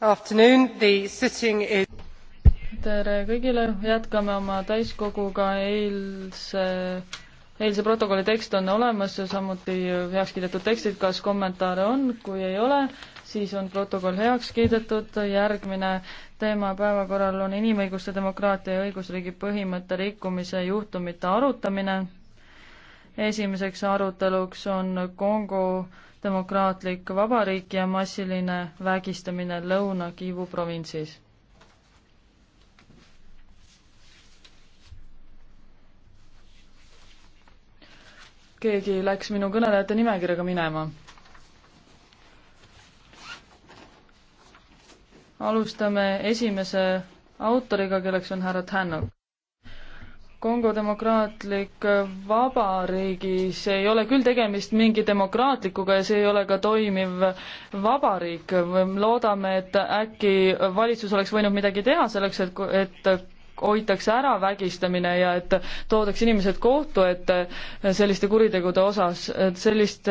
tere kõigile, jätkame oma täiskoguga eilse, eilse protokolli tekst on olemas ja samuti heaks kiidetud tekstid, kas kommentaare on, kui ei ole, siis on protokoll heaks kiidetud, järgmine teema päevakorral on inimõiguste, demokraatia ja õigusriigi põhimõtte rikkumise juhtumite arutamine. esimeseks aruteluks on Kongo demokraatlik vabariik ja massiline vägistamine Lõuna-Kiivu provintsis. keegi läks minu kõnelejate nimekirjaga minema. alustame esimese autoriga, kelleks on härra Tänak. Kongo Demokraatlik Vabariigis ei ole küll tegemist mingi demokraatlikuga ja see ei ole ka toimiv vabariik. loodame, et äkki valitsus oleks võinud midagi teha selleks, et, et hoitakse ära vägistamine ja et toodaks inimesed kohtu ette selliste kuritegude osas, et sellist,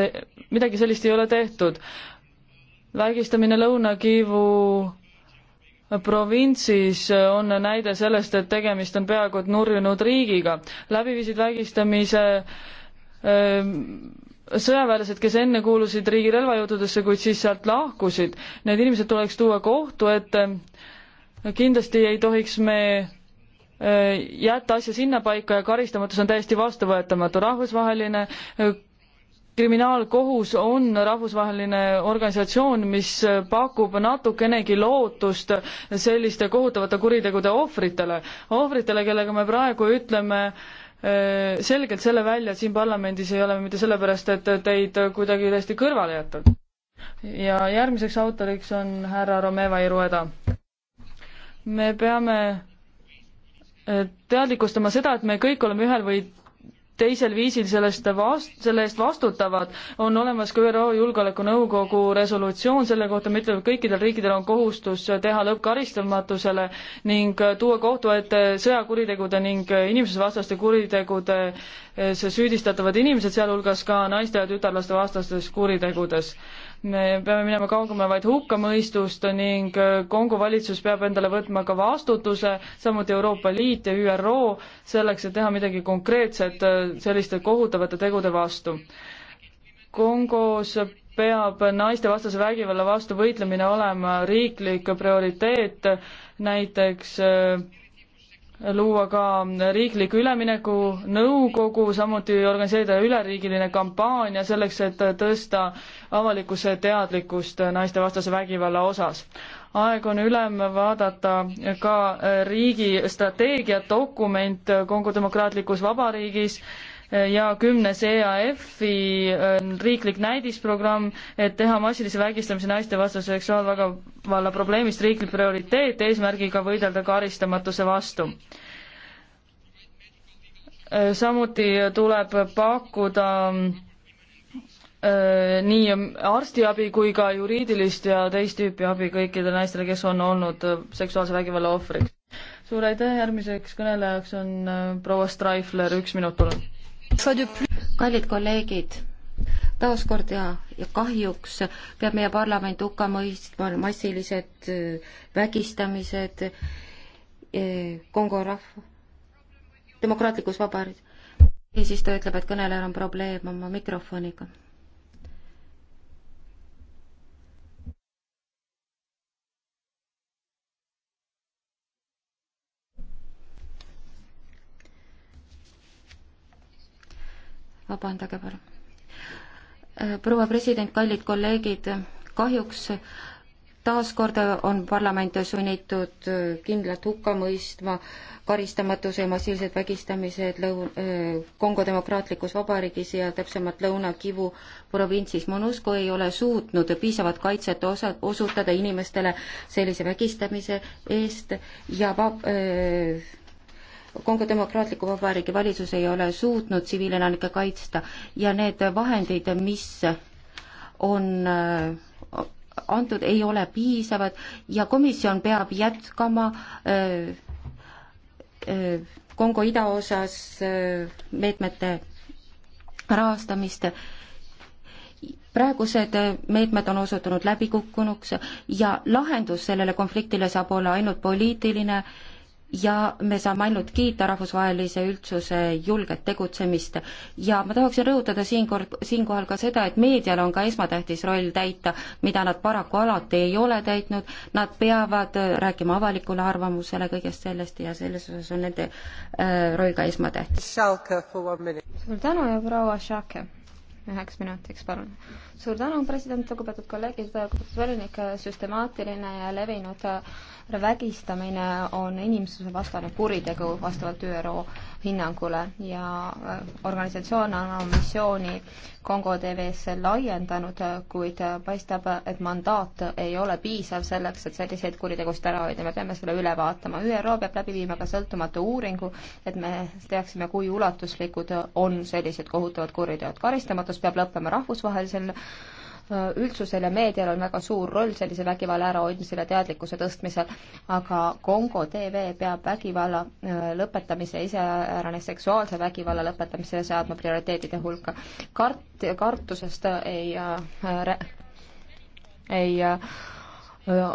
midagi sellist ei ole tehtud. vägistamine Lõuna-Kiivu provintsis on näide sellest, et tegemist on peaaegu et nurjunud riigiga. läbi viisid vägistamise ähm, sõjaväelased, kes enne kuulusid riigi relvajõududesse, kuid siis sealt lahkusid. Need inimesed tuleks tuua kohtu ette. kindlasti ei tohiks me äh, jätta asja sinnapaika ja karistamatus on täiesti vastuvõetamatu. rahvusvaheline äh, kriminaalkohus on rahvusvaheline organisatsioon, mis pakub natukenegi lootust selliste kohutavate kuritegude ohvritele. ohvritele, kellega me praegu ütleme äh, selgelt selle välja, et siin parlamendis ei ole mitte sellepärast, et teid kuidagi täiesti kõrvale jätta. ja järgmiseks autoriks on härra Romeva Irueda. me peame äh, teadlikustama seda, et me kõik oleme ühel või teisel viisil sellest vast-, selle eest vastutavad, on olemas ka ÜRO Julgeolekunõukogu resolutsioon selle kohta, mis ütleb, et kõikidel riikidel on kohustus teha lõpp karistamatusele ning tuua kohtu ette sõjakuritegude ning inimsusevastaste kuritegude süüdistatavad inimesed, sealhulgas ka naiste ja tütarlaste vastastes kuritegudes me peame minema kaugemale vaid hukkamõistust ning äh, Kongo valitsus peab endale võtma ka vastutuse, samuti Euroopa Liit ja ÜRO, selleks, et teha midagi konkreetset äh, selliste kohutavate tegude vastu. Kongos peab naistevastase vägivalla vastu võitlemine olema riiklik prioriteet, näiteks äh, luua ka riikliku üleminekunõukogu, samuti organiseerida üleriigiline kampaania selleks, et tõsta avalikkuse teadlikkust naistevastase vägivalla osas. aeg on üle vaadata ka riigi strateegiadokument Kongo Demokraatlikus Vabariigis ja kümnes EAF-i äh, riiklik näidisprogramm, et teha massilise vägistamise naistevastase seksuaalvägivalla probleemist riiklik prioriteet eesmärgiga võidelda karistamatuse vastu äh, samuti tuleb pakkuda äh, nii arstiabi kui ka juriidilist ja teist tüüpi abi kõikidele naistele, kes on olnud seksuaalse vägivalla ohvriks. suur aitäh, järgmiseks kõnelejaks on proua Streifler, üks minut palun kallid kolleegid, taaskord ja, ja kahjuks peab meie parlament hukka mõistma massilised äh, vägistamised äh, Kongo rahva, demokraatlikus vabariigis. eesistuja ütleb, et kõnelejal on probleem oma mikrofoniga vabandage palun. Äh, proua president, kallid kolleegid, kahjuks taaskord on parlament sunnitud äh, kindlalt hukka mõistma karistamatuse ja massiivsed vägistamised lõu-, äh, Kongo Demokraatlikus Vabariigis ja täpsemalt Lõuna-Kivu provintsis. Monusco ei ole suutnud piisavat kaitset osa, osutada inimestele sellise vägistamise eest ja va-, öö, Kongo Demokraatliku Vabariigi valitsus ei ole suutnud tsiviilelanikke kaitsta ja need vahendid, mis on äh, antud, ei ole piisavad ja komisjon peab jätkama öö, äh, öö, äh, Kongo idaosas öö, meetmete rahastamist praegused meetmed on osutunud läbikukkunuks ja lahendus sellele konfliktile saab olla ainult poliitiline ja me saame ainult kiita rahvusvahelise üldsuse julget tegutsemist. ja ma tahaksin rõhutada siinkord, siinkohal ka seda, et meedial on ka esmatähtis roll täita, mida nad paraku alati ei ole täitnud, nad peavad äh, rääkima avalikule arvamusele kõigest sellest ja selles osas on nende äh, roll ka esmatähtis. suur tänu ja proua Šake üheks minutiks, palun. suur tänu, president, lugupeetud kolleegid, lugupeetud volinik, süstemaatiline ja levinud äh, vägistamine on inimsuse vastane kuritegu vastavalt ÜRO hinnangule ja äh, organisatsioon on oma missiooni Kongo TV-sse laiendanud, kuid äh, paistab, et mandaat ei ole piisav selleks, et selliseid kuritegusid ära hoida, me peame selle üle vaatama. ÜRO peab läbi viima ka sõltumatu uuringu, et me teaksime, kui ulatuslikud on sellised kohutavad kuriteod. karistamatus peab lõppema rahvusvahelisel üldsusel ja meedial on väga suur roll sellise vägivalla ärahoidmisel ja teadlikkuse tõstmisel, aga Kongo TV peab vägivalla äh, lõpetamise, iseärane seksuaalse vägivalla lõpetamise seadma prioriteetide hulka. kart-, kartusest ei äh, ei äh,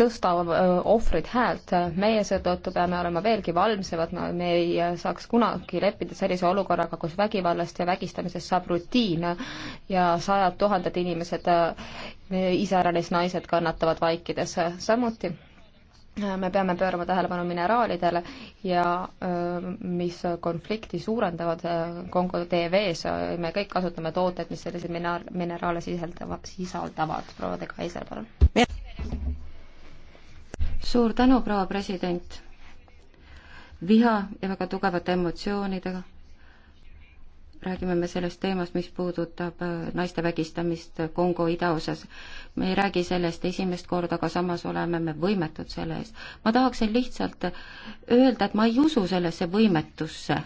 tõsta äh, ohvrid häält, meie seetõttu peame olema veelgi valmsemad, me ei äh, saaks kunagi leppida sellise olukorraga, kus vägivallast ja vägistamisest saab rutiin ja sajad tuhanded inimesed, äh, iseäranis naised kannatavad vaikides samuti me peame pöörama tähelepanu mineraalidele ja mis konflikti suurendavad Kongo TV-s, me kõik kasutame tooteid, mis selliseid mineraale sisaldavad, sisaldavad. proua De Kaiser, palun suur tänu, proua president. viha ja väga tugevate emotsioonidega räägime me sellest teemast, mis puudutab äh, naiste vägistamist äh, Kongo idaosas. me ei räägi sellest esimest korda, aga samas oleme me võimetud selle eest. ma tahaksin lihtsalt äh, öelda, et ma ei usu sellesse võimetusse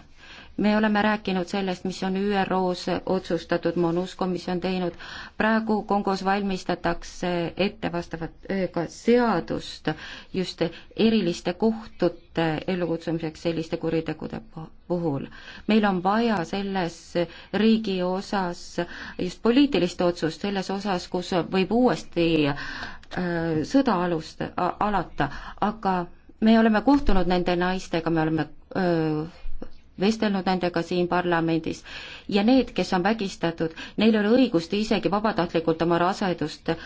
me oleme rääkinud sellest, mis on ÜRO-s otsustatud, MONUSCO-mis on teinud, praegu Kongos valmistatakse ette vastavat ka seadust just eriliste kohtute ellukutsumiseks selliste kuritegude puhul. meil on vaja selles riigi osas just poliitilist otsust, selles osas, kus võib uuesti äh, sõda alust, alata, aga me oleme kohtunud nende naistega, me oleme öö, vestelnud nendega siin parlamendis ja need, kes on vägistatud, neil ei ole õigust isegi vabatahtlikult oma rasedust äh,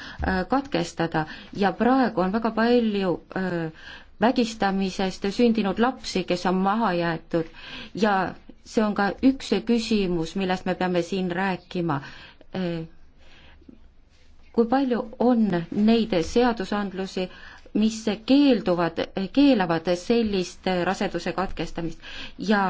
katkestada ja praegu on väga palju äh, vägistamisest sündinud lapsi, kes on maha jäetud ja see on ka üks küsimus, millest me peame siin rääkima. Äh, kui palju on neid seadusandlusi, mis keelduvad, keelavad sellist raseduse katkestamist ja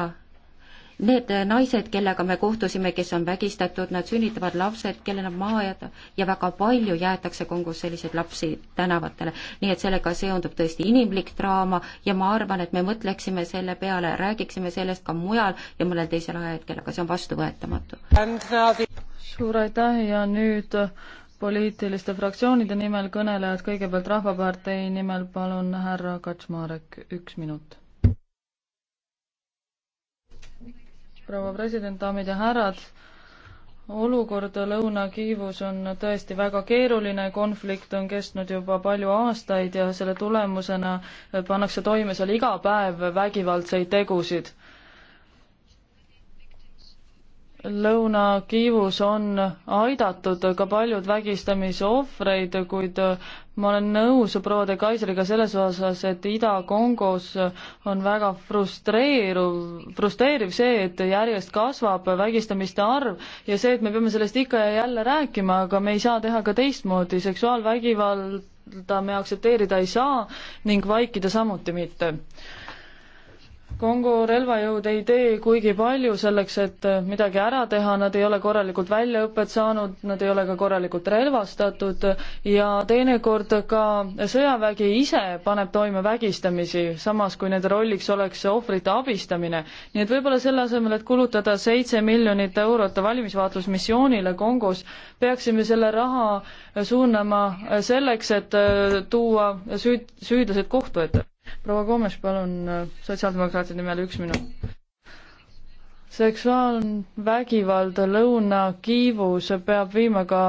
Need naised, kellega me kohtusime, kes on vägistatud, nad sünnitavad lapsed, kellel on maa jätta ja väga palju jäetakse Kongos selliseid lapsi tänavatele. nii et sellega seondub tõesti inimlik draama ja ma arvan, et me mõtleksime selle peale, räägiksime sellest ka mujal ja mõnel teisel ajahetkel, aga see on vastuvõetamatu. suur aitäh ja nüüd poliitiliste fraktsioonide nimel kõnelejad, kõigepealt Rahvapartei nimel palun härra Kaczmarek, üks minut proua president, daamid ja härrad. olukord Lõuna-Kiivus on tõesti väga keeruline, konflikt on kestnud juba palju aastaid ja selle tulemusena pannakse toime seal iga päev vägivaldseid tegusid. Lõuna-Kiivus on aidatud ka paljud vägistamise ohvreid, kuid ma olen nõus proua de Kaiseriga selles osas, et Ida-Kongos on väga frustreeruv, frustreeriv see, et järjest kasvab vägistamiste arv ja see, et me peame sellest ikka ja jälle rääkima, aga me ei saa teha ka teistmoodi, seksuaalvägivald seda me aktsepteerida ei saa ning vaikida samuti mitte. Kongo relvajõud ei tee kuigi palju selleks, et äh, midagi ära teha, nad ei ole korralikult väljaõpet saanud, nad ei ole ka korralikult relvastatud ja teinekord ka sõjavägi ise paneb toime vägistamisi, samas kui nende rolliks oleks ohvrite abistamine. nii et võib-olla selle asemel, et kulutada seitse miljonit eurot valimisvaatlusmissioonile Kongos, peaksime selle raha äh, suunama äh, selleks, et tuua süüd, süüdlased kohtu ette proua Gomes, palun sotsiaaldemokraatide nimel üks minut. seksuaalvägivald Lõuna-Kiivus peab viima ka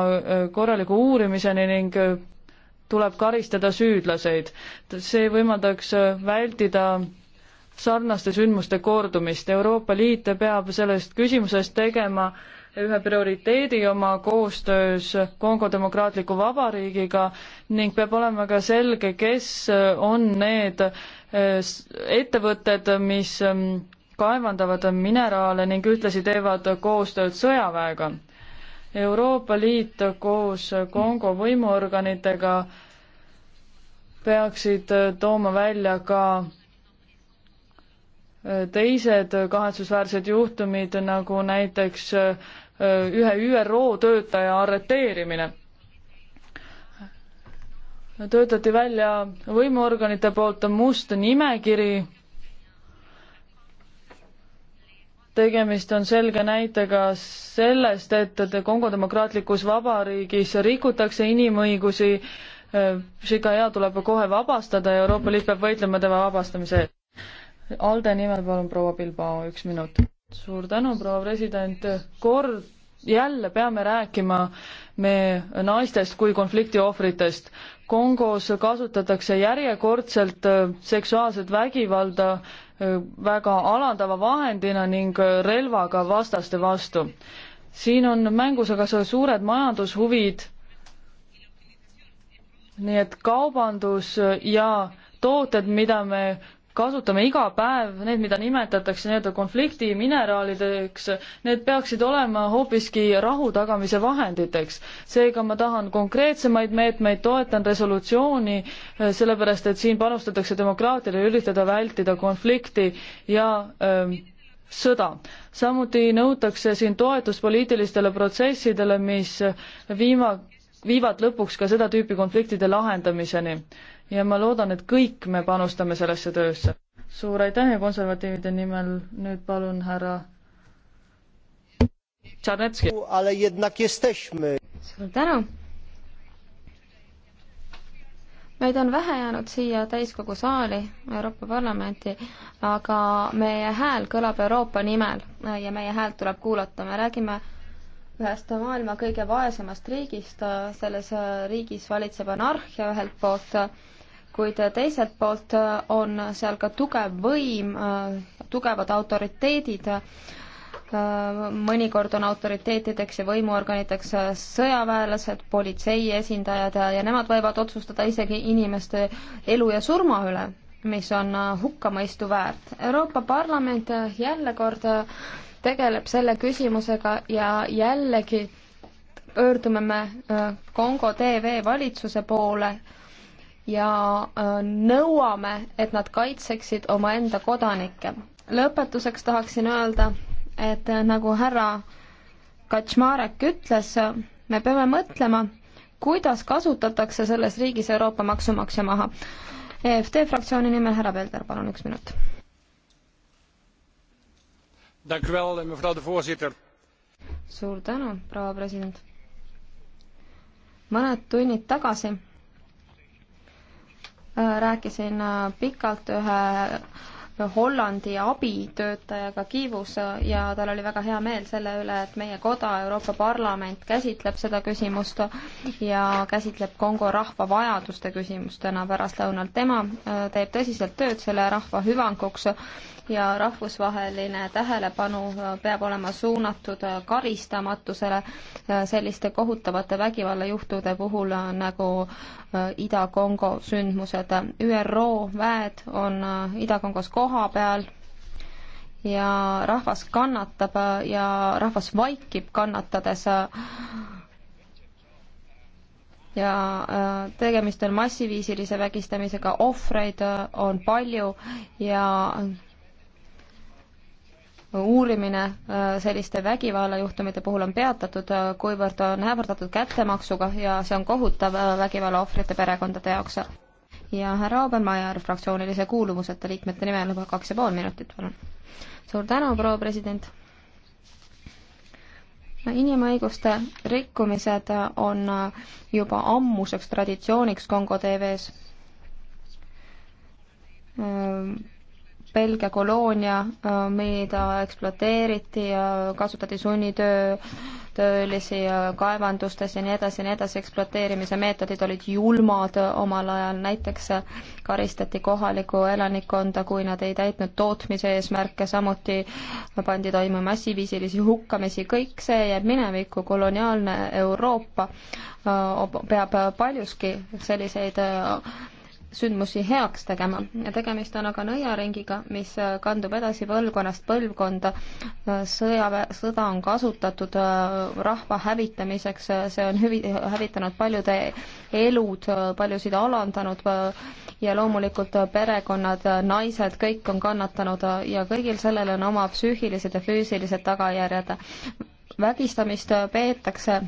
korraliku uurimiseni ning tuleb karistada süüdlaseid. see võimaldaks vältida sarnaste sündmuste kordumist. Euroopa Liit peab sellest küsimusest tegema äh, ühe prioriteedi oma koostöös Kongo Demokraatliku Vabariigiga ning peab olema ka selge, kes on need eh, ettevõtted, mis mm, kaevandavad mineraale ning ühtlasi teevad koostööd sõjaväega. Euroopa Liit koos Kongo võimuorganitega peaksid tooma välja ka teised kahetsusväärsed juhtumid, nagu näiteks äh, ühe ÜRO töötaja arreteerimine. töötati välja võimuorganite poolt must nimekiri. tegemist on selge näitega sellest, et Kongo demokraatlikus vabariigis rikutakse inimõigusi. Äh, Shikaja tuleb kohe vabastada ja Euroopa Liit peab võitlema tema vabastamise eest. Alde nimel palun proua Bilbao, üks minut. suur tänu, proua president, kord jälle peame rääkima me naistest kui konflikti ohvritest. Kongos kasutatakse järjekordselt äh, seksuaalset vägivalda äh, väga alandava vahendina ning relvaga vastaste vastu. siin on mängus aga suured majandushuvid, nii et kaubandus ja tooted, mida me kasutame iga päev, need, mida nimetatakse nii-öelda konflikti mineraalideks, need peaksid olema hoopiski rahu tagamise vahenditeks. seega ma tahan konkreetsemaid meetmeid, toetan resolutsiooni, sellepärast et siin panustatakse demokraatiale, üritada vältida konflikti ja öö, ähm, sõda. samuti nõutakse siin toetust poliitilistele protsessidele, mis viima, viivad lõpuks ka seda tüüpi konfliktide lahendamiseni ja ma loodan, et kõik me panustame sellesse töösse. suur aitäh ja konservatiivide nimel nüüd palun härra Tšarnetski. suur tänu. meid on vähe jäänud siia täiskogu saali, Euroopa Parlamenti, aga meie hääl kõlab Euroopa nimel ja meie häält tuleb kuulata, me räägime ühest maailma kõige vaesemast riigist, selles riigis valitseb anarhia ühelt poolt kuid teiselt poolt äh, on seal ka tugev võim, äh, tugevad autoriteedid, äh, mõnikord on autoriteetideks ja võimuorganiteks sõjaväelased, politsei esindajad ja, ja nemad võivad otsustada isegi inimeste elu ja surma üle, mis on hukkamõistu väärt. Euroopa Parlament jälle kord tegeleb selle küsimusega ja jällegi pöördume me Kongo TV valitsuse poole ja äh, nõuame, et nad kaitseksid omaenda kodanikke. lõpetuseks tahaksin öelda, et äh, nagu härra Kaczmarek ütles, me peame mõtlema, kuidas kasutatakse selles riigis Euroopa maksumaksja maha. EFD fraktsiooni nimel härra Pelder, palun üks minut. suur tänu, proua president. mõned tunnid tagasi Äh, rääkisin äh, pikalt ühe Hollandi abitöötajaga Kiivus ja tal oli väga hea meel selle üle, et meie koda, Euroopa Parlament käsitleb seda küsimust ja käsitleb Kongo rahva vajaduste küsimust täna pärastlõunal. tema äh, teeb tõsiselt tööd selle rahva hüvanguks ja rahvusvaheline tähelepanu äh, peab olema suunatud äh, karistamatusele selliste kohutavate vägivallajuhtude puhul nagu Ida-Kongo sündmused. ÜRO väed on Ida-Kongos kohal koha peal ja rahvas kannatab ja rahvas vaikib kannatades. ja äh, tegemist on massiviisilise vägistamisega, ohvreid äh, on palju ja uurimine äh, selliste vägivallajuhtumite puhul on peatatud, kuivõrd on ähvardatud kättemaksuga ja see on kohutav vägivalla ohvrite perekondade jaoks ja härra Obermeier fraktsioonilise kuuluvuseta liikmete nimel juba kaks ja pool minutit, palun. suur tänu, proua president. inimõiguste rikkumised on juba ammuseks traditsiooniks Kongo TV-s. Belgia koloonia, mida ekspluateeriti ja kasutati sunnitöö töölisi kaevandustes ja nii edasi ja nii edasi, ekspluateerimise meetodid olid julmad omal ajal, näiteks karistati kohalikku elanikkonda, kui nad ei täitnud tootmise eesmärke, samuti pandi toime massiviisilisi hukkamisi, kõik see jääb minevikku, koloniaalne Euroopa äh, peab paljuski selliseid äh, sündmusi heaks tegema ja tegemist on aga nõiaringiga, mis kandub edasi põlvkonnast põlvkonda. sõjaväe, sõda on kasutatud äh, rahva hävitamiseks, see on hüvi-, hävitanud paljude elud, paljusid alandanud äh, ja loomulikult perekonnad, naised, kõik on kannatanud äh, ja kõigil sellel on oma psüühilised ja füüsilised tagajärjed. vägistamist peetakse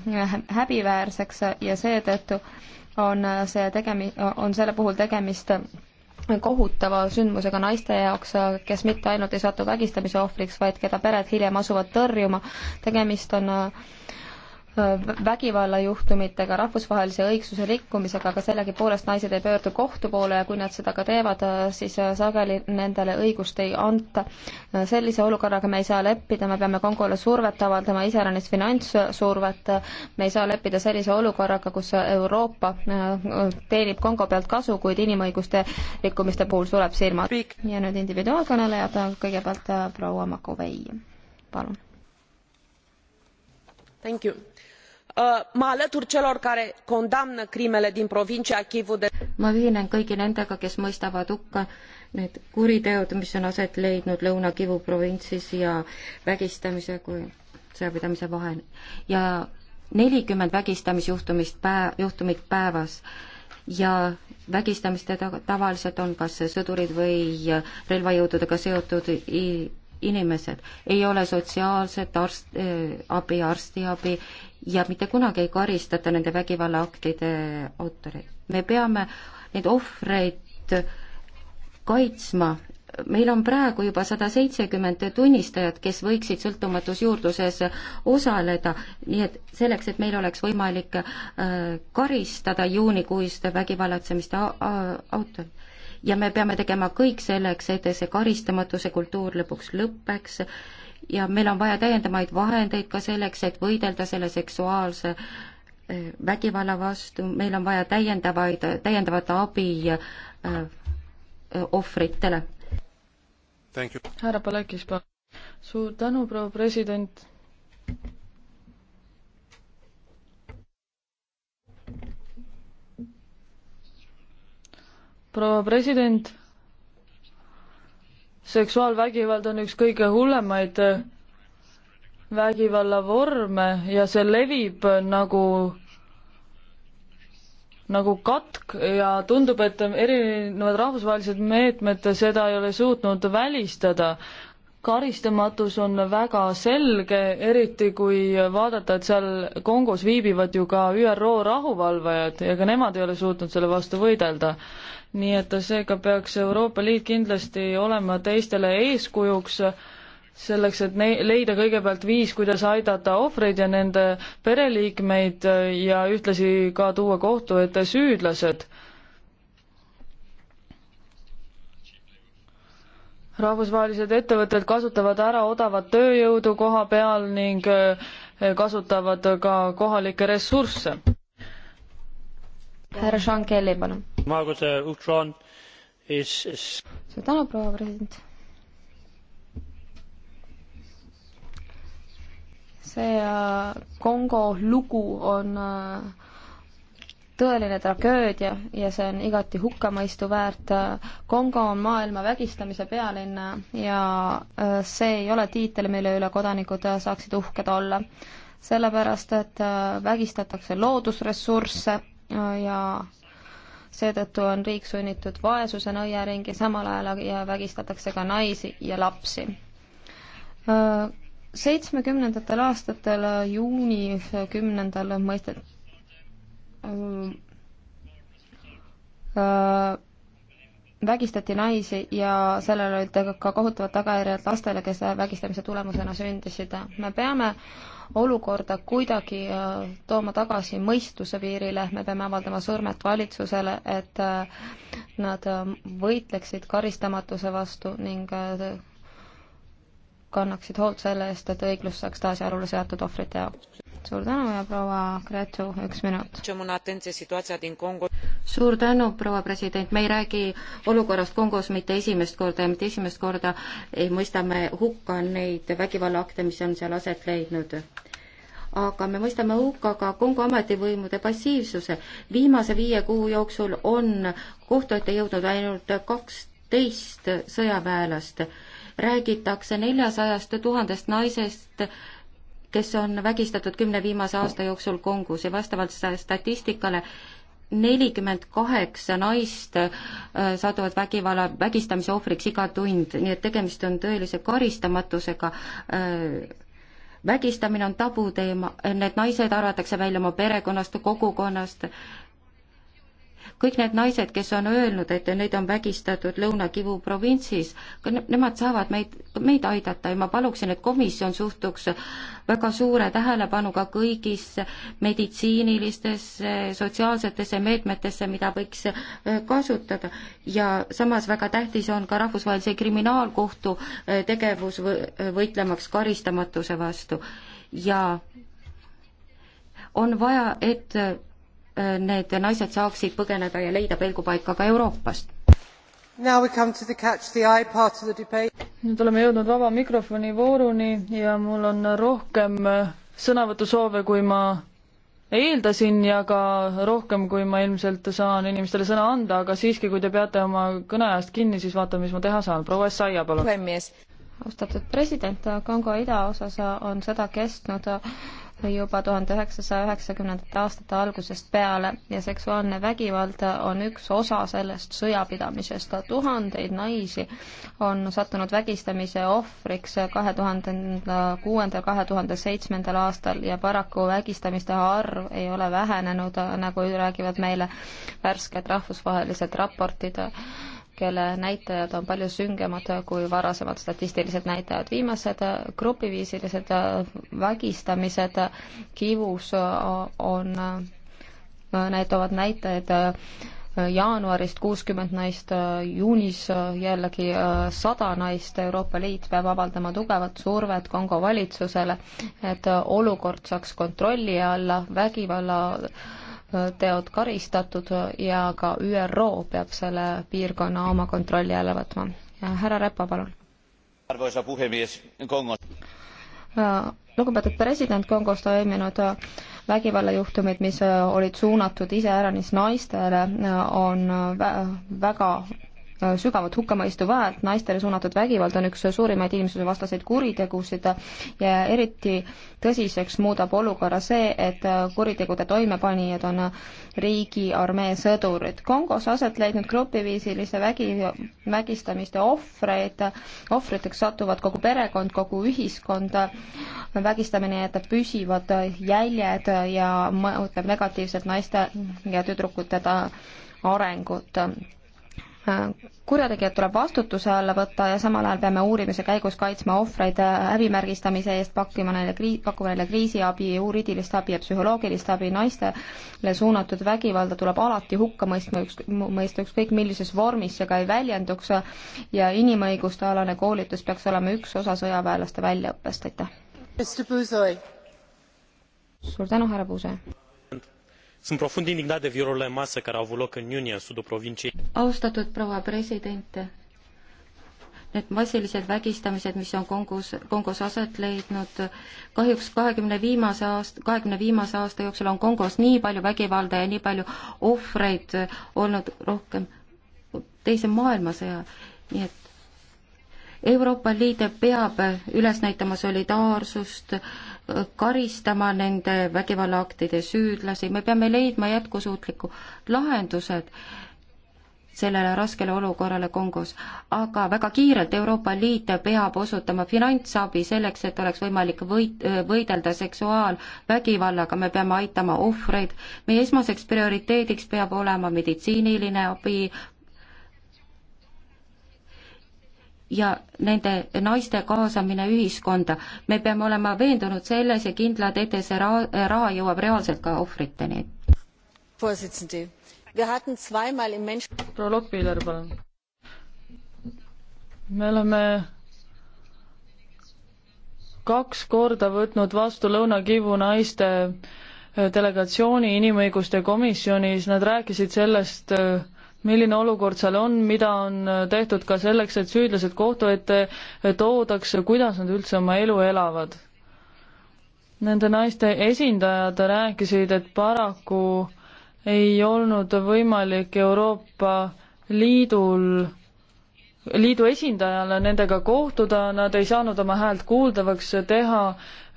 häbiväärseks ja seetõttu on äh, see tegemi-, on selle puhul tegemist kohutava sündmusega naiste jaoks, äh, kes mitte ainult ei satu vägistamise ohvriks, vaid keda pered hiljem asuvad tõrjuma. tegemist on äh, vägivallajuhtumitega, rahvusvahelise õigsuse rikkumisega, aga sellegipoolest naised ei pöördu kohtu poole ja kui nad seda ka teevad, siis sageli nendele õigust ei anta. sellise olukorraga me ei saa leppida, me peame Kongole survet avaldama, iseäranis finantssurvet, me ei saa leppida sellise olukorraga, kus Euroopa teenib Kongo pealt kasu, kuid inimõiguste rikkumiste puhul suleb silmad. ja nüüd individuaalkõnelejad, kõigepealt proua Makovei, palun. Thank you mă alătur celor care condamnă crimele din provincia Kivu de ma ühinen kõigi nendega, kes mõistavad hukka need kuriteod, mis on aset leidnud Lõuna-Kivu provintsis ja vägistamise kui sõjapidamise vahel. ja nelikümmend vägistamisjuhtumist päev, juhtumit päevas ja vägistamiste ta-, tavaliselt on kas sõdurid või relvajõududega seotud inimesed. ei ole sotsiaalset arst äh,, abi, arstiabi ja mitte kunagi ei karistata nende vägivallaaktide autoreid. me peame neid ohvreid kaitsma, meil on praegu juba sada seitsekümmend tunnistajat, kes võiksid sõltumatus juurdluses osaleda, nii et selleks, et meil oleks võimalik äh, karistada juunikuiste vägivallatsemiste autorit ja me peame tegema kõik selleks, et see karistamatuse kultuur lõpuks lõpeks ja meil on vaja täiendavaid vahendeid ka selleks, et võidelda selle seksuaalse eh, vägivalla vastu, meil on vaja täiendavaid, täiendavat abi eh, ohvritele. härra Palekis, suur tänu, proua president proua president, seksuaalvägivald on üks kõige hullemaid äh, vägivallavorme ja see levib äh, nagu, nagu katk ja tundub, et erinevad rahvusvahelised meetmed seda ei ole suutnud välistada karistamatus on väga selge, eriti kui vaadata, et seal Kongos viibivad ju ka ÜRO rahuvalvajad ja ka nemad ei ole suutnud selle vastu võidelda. nii et seega peaks Euroopa Liit kindlasti olema teistele eeskujuks, selleks, et ne-, leida kõigepealt viis, kuidas aidata ohvreid ja nende pereliikmeid ja ühtlasi ka tuua kohtu ette süüdlased rahvusvahelised ettevõtted kasutavad ära odavat tööjõudu koha peal ning eh, kasutavad ka kohalikke ressursse. härra Sean Kelly, palun. Uh, suur tänu, proua president. see uh, Kongo lugu on äh, tõeline tragöödia ja see on igati hukkamõistu väärt. Kongo on maailma vägistamise pealinn ja äh, see ei ole tiitel, mille üle kodanikud saaksid uhked olla. sellepärast, et äh, vägistatakse loodusressursse äh, ja seetõttu on riik sunnitud vaesuse nõiaringi, samal ajal ja vägistatakse ka naisi ja lapsi seitsmekümnendatel aastatel juuni kümnendal mõistet-, Äh, äh, vägistati naisi ja sellel olid ka kohutavad tagajärjed lastele, kes vägistamise tulemusena sündisid. me peame olukorda kuidagi äh, tooma tagasi mõistuse piirile, me peame avaldama surmet valitsusele, et nad võitleksid karistamatuse vastu ning kannaksid hoolt selle eest, et õiglus saaks taas jalule seatud ohvrite jaoks suur tänu ja proua Gretu, üks minut. suur tänu, proua president, me ei räägi olukorrast Kongos mitte esimest korda ja mitte esimest korda ei mõista me hukka neid vägivallaakte, mis on seal aset leidnud aga me mõistame hukka ka Kongo ametivõimude passiivsuse. viimase viie kuu jooksul on kohtu ette jõudnud ainult kaksteist sõjaväelast. räägitakse neljasajast tuhandest naisest, kes on vägistatud kümne viimase aasta jooksul Kongus ja vastavalt statistikale nelikümmend kaheksa naist äh, satuvad vägivalla, vägistamise ohvriks iga tund, nii et tegemist on tõelise karistamatusega. Äh, vägistamine on tabuteema, need naised arvatakse välja oma perekonnast, kogukonnast kõik need naised, kes on öelnud, et neid on vägistatud Lõuna-Kivu provintsis, ka nemad saavad meid, meid aidata ja ma paluksin, et komisjon suhtuks väga suure tähelepanuga kõigisse meditsiinilistesse, sotsiaalsetesse meetmetesse, mida võiks äh, kasutada. ja samas väga tähtis on ka Rahvusvahelise Kriminaalkohtu äh, tegevus võitlemaks karistamatuse vastu ja on vaja, et Äh, need naised saaksid põgeneda ja leida pelgupaika ka Euroopast. nüüd oleme jõudnud vaba mikrofoni vooruni ja mul on rohkem äh, sõnavõtusoove, kui ma eeldasin ja ka rohkem, kui ma ilmselt saan inimestele sõna anda, aga siiski, kui te peate oma kõneajast kinni, siis vaatame, mis ma teha saan. proua Essaia, palun. austatud president, Kongo idaosas on sõda kestnud juba tuhande üheksasaja üheksakümnendate aastate algusest peale ja seksuaalne vägivald on üks osa sellest sõjapidamisest. tuhandeid naisi on sattunud vägistamise ohvriks kahe tuhande kuuendal, kahe tuhande seitsmendal aastal ja paraku vägistamiste arv ei ole vähenenud, nagu räägivad meile värsked rahvusvahelised raportid kelle näitajad on palju süngemad kui varasemad statistilised näitajad. viimased äh, grupiviisilised äh, vägistamised äh, Kivus on, need toovad näitajaid jaanuarist kuuskümmend naist, juunis jällegi sada naist, Euroopa Liit peab avaldama tugevat survet Kongo valitsusele, et olukord saaks kontrolli alla, vägivalla teod karistatud ja ka ÜRO peab selle piirkonna oma kontrolli alla võtma. härra Räpa, palun. arvoisa puhemees, Kongo. Äh, lugupeetud president, Kongos toimunud äh, vägivallajuhtumid, mis äh, olid suunatud iseäranis naistele, on väga sügavat hukkamõistu väärt, naistele suunatud vägivald on üks suurimaid inimsusevastaseid kuritegusid ja eriti tõsiseks muudab olukorra see, et kuritegude toimepanijad on riigi armee sõdurid. Kongos aset leidnud grupiviisilise vägi, vägistamiste ohvreid, ohvriteks satuvad kogu perekond, kogu ühiskond, vägistamine jätab püsivad jäljed ja mõjutab negatiivselt naiste ja tüdrukute arengut kurjategijad tuleb vastutuse alla võtta ja samal ajal peame uurimise käigus kaitsma ohvreid äh, häbimärgistamise eest, pakkima neile kriis, pakkuma neile kriisiabi, juriidilist abi ja psühholoogilist abi, naistele suunatud vägivalda tuleb alati hukka mõistma, üks, mõista ükskõik millises vormis see ka ei väljenduks ja inimõiguste alane koolitus peaks olema üks osa sõjaväelaste väljaõppest, aitäh! suur tänu, härra Puuse! sunt profund indignat de violurile în masă care au avut loc în iunie în sudul provinciei. austatud proua president, need massilised vägistamised, mis on Kongus, Kongos aset leidnud, kahjuks kahekümne viimase aasta, kahekümne viimase aasta jooksul on Kongos nii palju vägivalda ja nii palju ohvreid olnud rohkem teise maailmasõja, nii et Euroopa Liit peab üles näitama solidaarsust äh, karistama nende vägivallaaktide süüdlasi, me peame leidma jätkusuutliku lahendused sellele raskele olukorrale Kongos. aga väga kiirelt Euroopa Liit peab osutama finantsabi selleks, et oleks võimalik võit, võidelda seksuaalvägivallaga, me peame aitama ohvreid, meie esmaseks prioriteediks peab olema meditsiiniline abi, ja nende naiste kaasamine ühiskonda. me peame olema veendunud selles ja kindlad, et see raha, raha jõuab reaalselt ka ohvriteni. proua Lokk-Piiler, palun. me oleme kaks korda võtnud vastu Lõunakivu naiste delegatsiooni inimõiguste komisjonis, nad rääkisid sellest, äh, milline olukord seal on, mida on tehtud ka selleks, et süüdlased kohtu ette toodaks ja kuidas nad üldse oma elu elavad. Nende naiste esindajad rääkisid, et paraku ei olnud võimalik Euroopa Liidul, liidu esindajal nendega kohtuda, nad ei saanud oma häält kuuldavaks teha,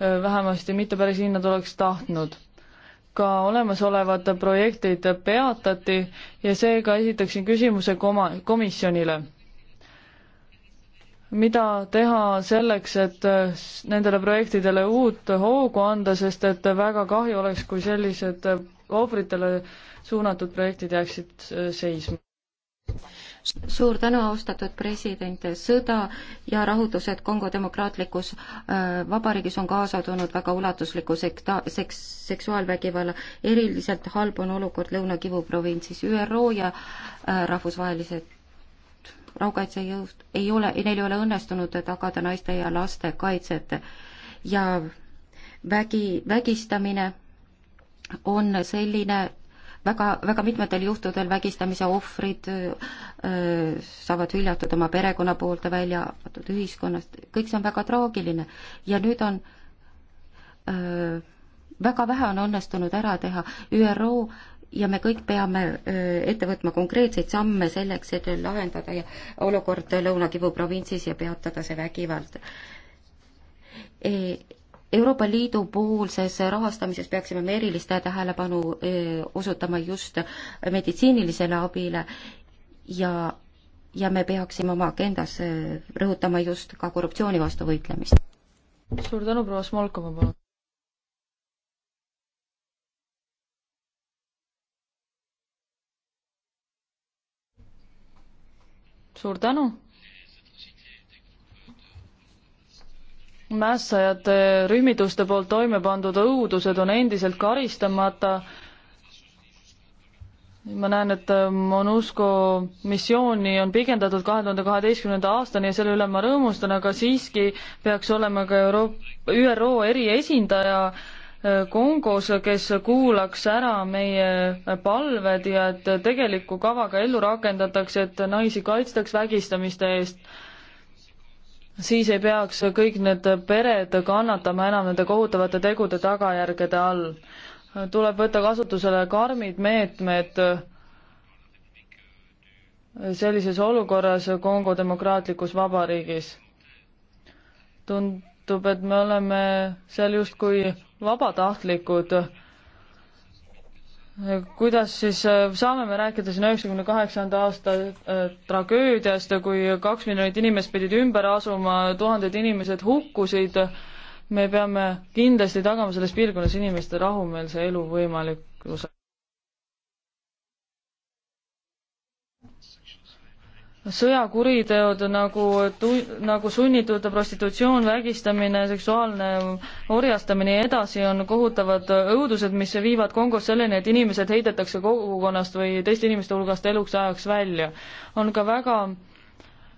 vähemasti mitte päris nii, nad oleks tahtnud ka olemasolevad projektid peatati ja seega esitaksin küsimuse koma-, komisjonile. mida teha selleks, et nendele projektidele uut hoogu anda, sest et väga kahju oleks, kui sellised ohvritele suunatud projektid jääksid seisma? suur tänu, austatud president, sõda ja rahutused Kongo demokraatlikus äh, vabariigis on kaasa toonud väga ulatusliku sekta-, seks-, seksuaalvägivalla. eriliselt halb on olukord Lõuna-Kivu provintsis, ÜRO ja äh, rahvusvahelised raukaitsejõud ei ole, neil ei ole õnnestunud tagada naiste ja laste kaitset ja vägi, vägistamine on selline väga, väga mitmetel juhtudel vägistamise ohvrid äh, äh, saavad hüljatud oma perekonna poolt ja välja arvatud ühiskonnast, kõik see on väga traagiline. ja nüüd on öö, äh, väga vähe on õnnestunud ära teha ÜRO ja me kõik peame ette võtma konkreetseid samme selleks, et lahendada olukord Lõuna-Kivu provintsis ja peatada see vägivald. E, Euroopa Liidu poolses rahastamises peaksime me erilist tähelepanu e, osutama just meditsiinilisele abile ja, ja me peaksime oma agendas e, rõhutama just ka korruptsiooni vastu võitlemist. suur tänu, proua Smolkova, palun! suur tänu! mässajate rühmituste poolt toime pandud õudused on endiselt karistamata. ma näen, et MONUSCO missiooni on pikendatud kahe tuhande kaheteistkümnenda aastani ja selle üle ma rõõmustan, aga siiski peaks olema ka Euroopa, ÜRO eriesindaja äh, Kongos, kes kuulaks ära meie palved ja et tegelikku kava ka ellu rakendatakse, et naisi kaitstaks vägistamiste eest siis ei peaks kõik need pered kannatama enam nende kohutavate tegude tagajärgede all. tuleb võtta kasutusele karmid meetmed sellises olukorras Kongo demokraatlikus vabariigis. tundub, et me oleme seal justkui vabatahtlikud kuidas siis äh, saame me rääkida siin üheksakümne kaheksanda aasta äh, tragöödiast, kui kaks miljonit inimest pidid ümber asuma, tuhanded inimesed hukkusid, me peame kindlasti tagama selles piirkonnas inimeste rahumeelse elu võimalikkuse. sõjakuriteod nagu tu-, nagu sunnitud prostitutsioon, vägistamine, seksuaalne orjastamine ja edasi on kohutavad õudused, mis viivad Kongos selleni, et inimesed heidetakse kogukonnast või teiste inimeste hulgast eluks ajaks välja. on ka väga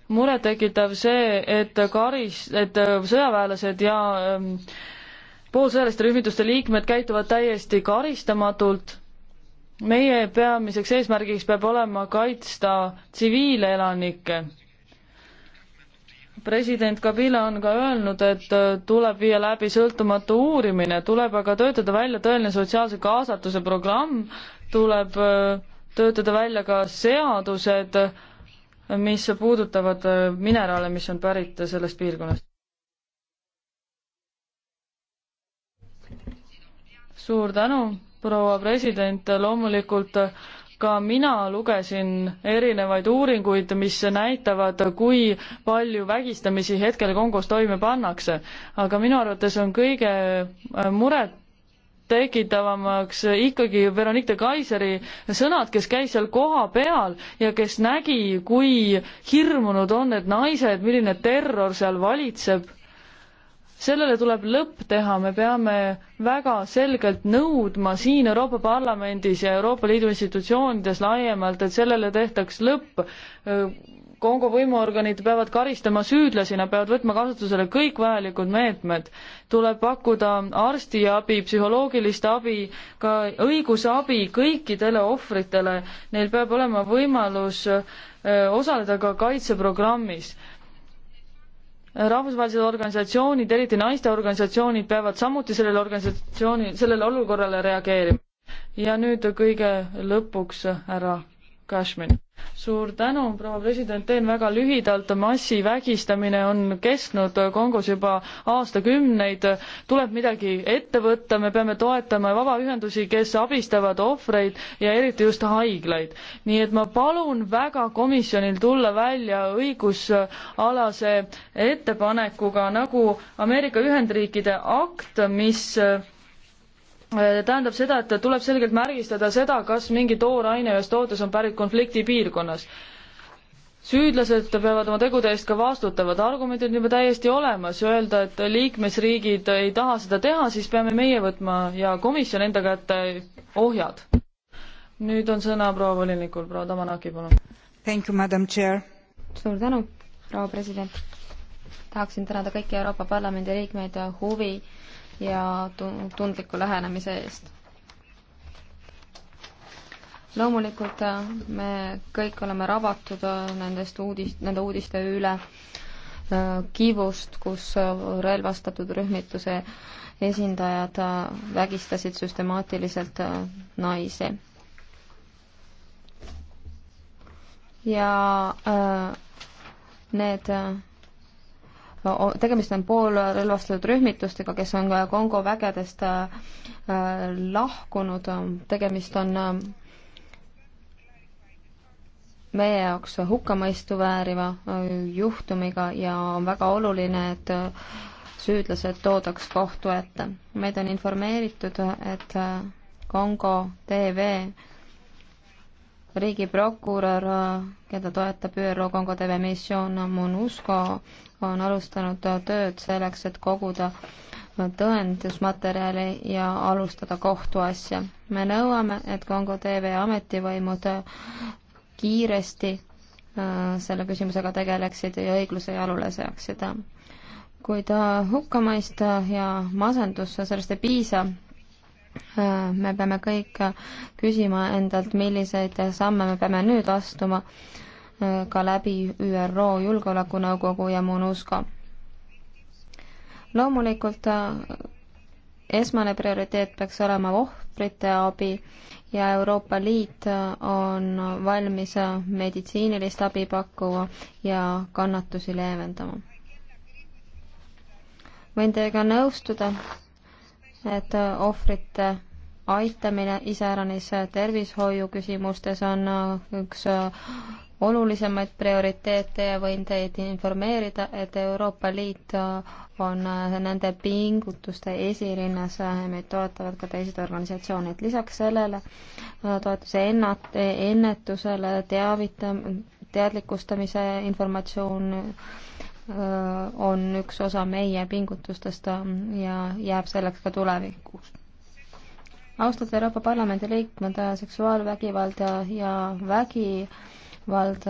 murettekitav see, et karis, et sõjaväelased ja ähm, poolsõjaliste rühmituste liikmed käituvad täiesti karistamatult meie peamiseks eesmärgiks peab olema kaitsta tsiviilelanikke. president Kabila on ka öelnud, et tuleb viia läbi sõltumatu uurimine, tuleb aga töötada välja tõeline sotsiaalse kaasatuse programm, tuleb äh, töötada välja ka seadused, mis puudutavad äh, mineraale, mis on pärit sellest piirkonnast. suur tänu proua president, loomulikult ka mina lugesin erinevaid uuringuid, mis näitavad, kui palju vägistamisi hetkel Kongos toime pannakse. aga minu arvates on kõige äh, muret tekitavamaks ikkagi Veronique de Kaiseri sõnad, kes käis seal kohapeal ja kes nägi, kui hirmunud on need naised, milline terror seal valitseb sellele tuleb lõpp teha, me peame väga selgelt nõudma siin Euroopa Parlamendis ja Euroopa Liidu institutsioonides laiemalt, et sellele tehtaks lõpp. Kongo võimuorganid peavad karistama süüdlasi, nad peavad võtma kasutusele kõik vajalikud meetmed. tuleb pakkuda arstiabi, psühholoogilist abi, ka õigusabi kõikidele ohvritele, neil peab olema võimalus eh, osaleda ka kaitseprogrammis rahvusvahelised organisatsioonid, eriti naisteorganisatsioonid, peavad samuti sellele organisatsiooni, sellele olukorrale reageerima. ja nüüd kõige lõpuks härra Cashman. suur tänu, proua president, teen väga lühidalt, massivägistamine on kestnud Kongos juba aastakümneid, tuleb midagi ette võtta, me peame toetama vabaühendusi, kes abistavad ohvreid ja eriti just haiglaid. nii et ma palun väga komisjonil tulla välja õigusalase ettepanekuga nagu Ameerika Ühendriikide akt, mis Äh, tähendab seda, et tuleb selgelt märgistada seda, kas mingi tooraine ühes tootes on pärit konfliktipiirkonnas. süüdlased peavad oma tegude eest ka vastutavad, argumendid on juba täiesti olemas, öelda, et liikmesriigid ei taha seda teha, siis peame meie võtma ja komisjon enda kätte ohjad. nüüd on sõna proua volinikul, proua Tamanaki, palun. Thank you, madam chair. suur tänu, proua president. tahaksin tänada kõiki Euroopa Parlamendi liikmeid huvi ja tundliku lähenemise eest. loomulikult äh, me kõik oleme rabatud äh, nendest uudist, nende uudiste üle äh, kivust, kus relvastatud rühmituse esindajad vägistasid süstemaatiliselt naisi. ja need tegemist on poolrelvastatud rühmitustega, kes on Kongo vägedest äh, äh, lahkunud, tegemist on äh, meie jaoks hukkamõistu vääriva juhtumiga ja on väga oluline, et süüdlased toodaks kohtu ette. meid on informeeritud, et Kongo TV riigiprokurör, keda toetab ÜRO Kongo TV missioon MONUSCO, on alustanud tööd selleks, et koguda tõendusmaterjali ja alustada kohtuasja. me nõuame, et Kongo TV ametivõimud kiiresti äh, selle küsimusega tegeleksid ja õigluse jalule seaksid. kuid äh, hukkamõista ja masendusse sellest ei piisa Äh, me peame kõik äh, küsima endalt, milliseid samme me peame nüüd astuma äh, ka läbi ÜRO Julgeolekunõukogu ja MONUSCO. loomulikult esmane prioriteet peaks olema ohvrite abi ja Euroopa Liit on valmis meditsiinilist abi pakkuma ja kannatusi leevendama. võin teiega nõustuda, et äh, ohvrite aitamine iseäranis äh, tervishoiu küsimustes on äh, üks olulisemaid prioriteete ja võin teid informeerida, et Euroopa Liit on nende pingutuste esirinnas, meid toetavad ka teised organisatsioonid. lisaks sellele toetuse ennat-, ennetusele teavita-, teadlikustamise informatsioon Äh, on üks osa meie pingutustest äh, ja jääb selleks ka tulevikus. austatud Euroopa Parlamendi liikmed, äh, seksuaalvägivald ja, ja vägivald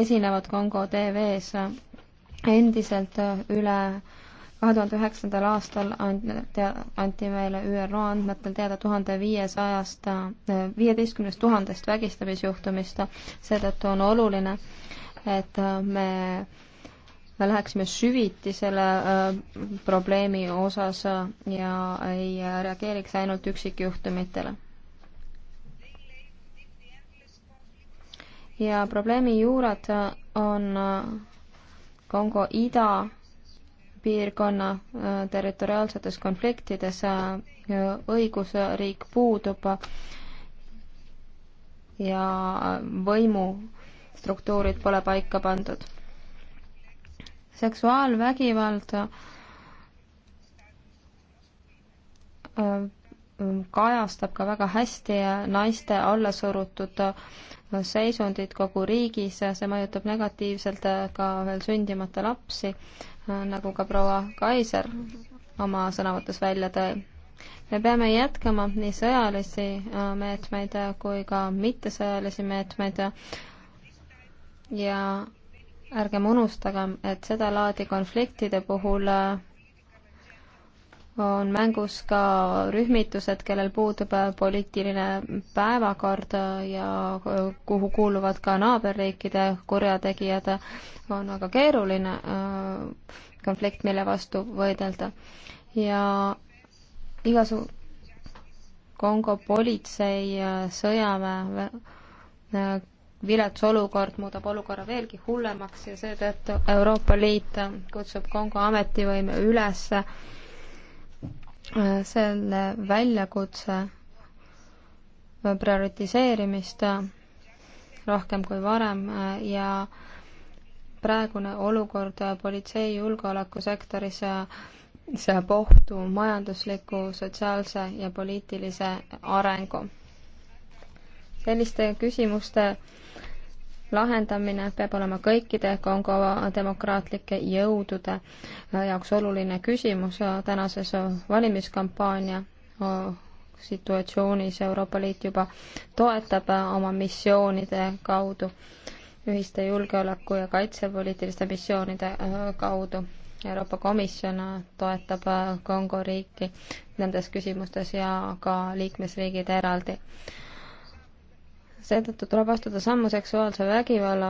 esinevad Kongo TV-s endiselt üle kahe tuhande üheksandal aastal anti meile ÜRO andmetel teada tuhande viiesajast, viieteistkümnest tuhandest vägistamisjuhtumist, seetõttu on oluline, et me me läheksime süviti selle äh, probleemi osas ja ei reageeriks ainult üksikjuhtumitele. ja probleemi juured on Kongo idapiirkonna äh, territoriaalsetes konfliktides äh,, õigusriik puudub ja võimustruktuurid pole paika pandud seksuaalvägivald äh, äh, kajastab ka väga hästi naiste allasurutud äh, seisundit kogu riigis, see mõjutab negatiivselt ka veel sündimata lapsi, nagu ka proua Kaiser oma sõnavõtus välja tõi. me peame jätkama nii sõjalisi meetmeid kui ka mittesõjalisi meetmeid ja ärgem unustagem, et sedalaadi konfliktide puhul äh, on mängus ka rühmitused, kellel puudub äh, poliitiline päevakord äh, ja kuhu kuuluvad ka naaberriikide kurjategijad, on väga keeruline konflikt, mille vastu võidelda. ja igasu-, Kongo politsei, sõjaväe vilets olukord muudab olukorra veelgi hullemaks ja seetõttu Euroopa Liit kutsub Kongo ametivõime üles äh, selle väljakutse prioritiseerimist äh, rohkem kui varem äh, ja praegune olukord politsei julgeolekusektoris seab ohtu majandusliku, sotsiaalse ja poliitilise arengu selliste küsimuste lahendamine peab olema kõikide Kongo demokraatlike jõudude äh, jaoks oluline küsimus äh, tänases äh, valimiskampaania situatsioonis Euroopa Liit juba toetab oma missioonide kaudu, ühiste julgeoleku- ja kaitsepoliitiliste missioonide kaudu. Euroopa Komisjon toetab Kongo riiki nendes küsimustes ja ka liikmesriigid eraldi seetõttu tuleb astuda sammu seksuaalse vägivalla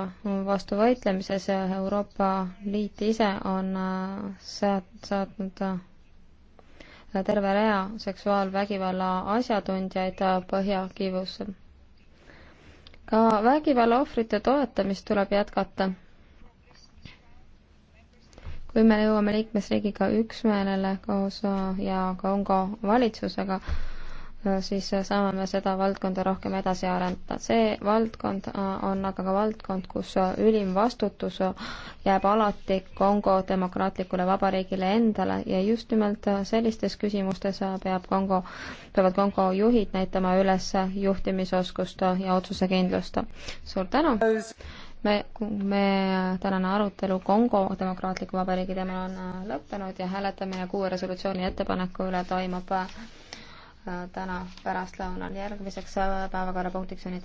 vastu võitlemises ja Euroopa Liit ise on äh, sead-, saatnud äh, terve rea seksuaalvägivalla asjatundjaid äh, Põhja-Kivusse. ka vägivalla ohvrite toetamist tuleb jätkata. kui me jõuame liikmesriigiga üksmeelele koos ja Kongo valitsusega, Äh, siis äh, saame me seda valdkonda rohkem edasi arendada. see valdkond äh, on aga ka valdkond, kus ülim vastutus jääb alati Kongo demokraatlikule vabariigile endale ja just nimelt sellistes küsimustes peab Kongo, peavad Kongo juhid näitama üles juhtimisoskust ja otsusekindlust. suur tänu! me, me tänane arutelu Kongo demokraatliku vabariigi teemal on lõppenud ja hääletamine kuue resolutsiooni ettepaneku üle toimub Äh, täna pärastlõunal. järgmiseks äh, päevakorrapunktiks on nüüd